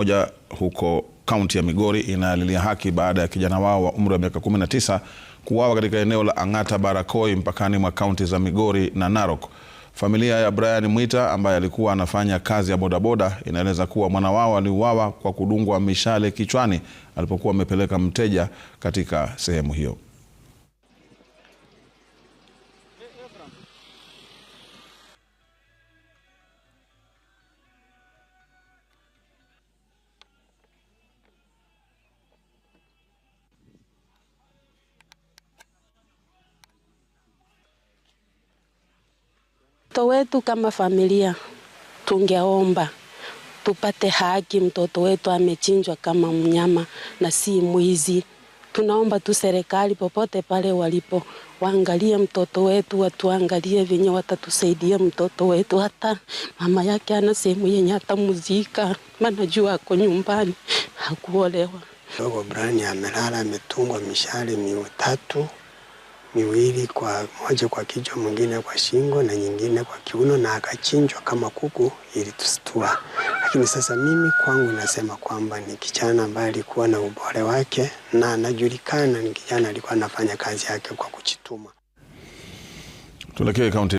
moja huko kaunti ya Migori inalilia haki baada ya kijana wao wa umri wa miaka 19 kuuawa katika eneo la Ang'ata Barakoi mpakani mwa kaunti za Migori na Narok. Familia ya Brian Mwita ambaye alikuwa anafanya kazi ya bodaboda inaeleza kuwa mwana wao aliuawa kwa kudungwa mishale kichwani alipokuwa amepeleka mteja katika sehemu hiyo. Mtoto wetu kama familia tungeomba tupate haki. Mtoto wetu amechinjwa kama mnyama na si mwizi. Tunaomba tu serikali popote pale walipo waangalie mtoto wetu, watuangalie venye watatusaidia mtoto wetu. Hata mama yake ana sehemu yenye atamuzika, maana jua ako nyumbani, hakuolewa. Dogo Brani amelala ametungwa mishale miutatu miwili kwa moja kwa kichwa, mwingine kwa shingo na nyingine kwa kiuno, na akachinjwa kama kuku ili tusitua. Lakini sasa mimi kwangu nasema kwamba ni kijana ambaye alikuwa na ubora wake na anajulikana, ni kijana alikuwa anafanya kazi yake kwa kujituma. Tuelekee kaunti